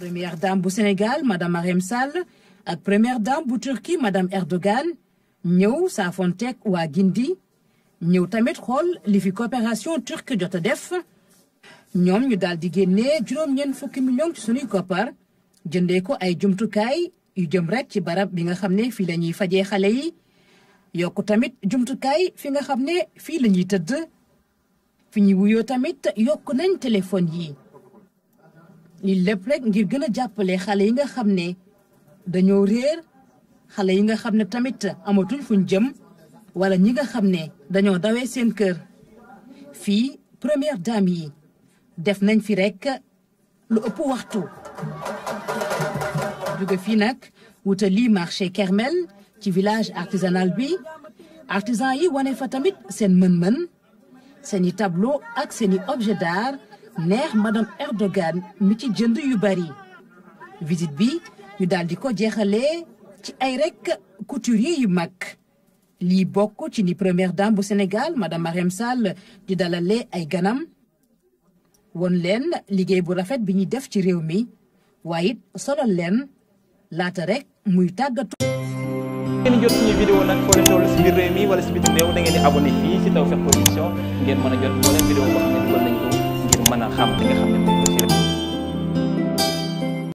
première dame bu Sénégal madame Marème Sall ak première dame bu Turquie madame Erdogan ñëw saafonteeg waa Gindi ñëw tamit xool li fi coopération turque jot a def ñoom ñu daal di génnee juróom-ñeent fukki millions ci sunuy koppar jëndee ko ay jumtukaay yu jëm rek ci barab bi nga xam ne fii lañuy fajee xale yi yokk tamit jumtukaay fi nga xam ne fii la ñuy tëdd fi ñuy wuyoo tamit yokk nañ téléphone yi. lii lépp rek ngir gën a jàppale xale yi nga xam ne dañoo réer xale yi nga xam ne tamit amatuñ fuñ jëm walla ñi nga xam ne dañoo dawee seen kër fii première dame yi def nañ fi rek lu ëpp waxtu jóge fii nag wuta lii marché Kermel ci village artisanal bi artisan yi wane fa tamit seen mën-mën seeni tableau ak seeni objet d'art neex madame Erdogan mi ci jënd yu bari visite bi ñu daldi ko jeexalee ci ay rek couturier yu mag li bokk ci ni première dame bu Sénégal madame Marième Sall di dalalee ay ganam won leen liggéey bu rafet bi ñuy def ci réew mi waaye it solal leen laata rek muy tàggatu. ngeen jot suñu vidéo nag foo leen toll si biir réew mi ngeen di jot moo leen vidéo boo xam ne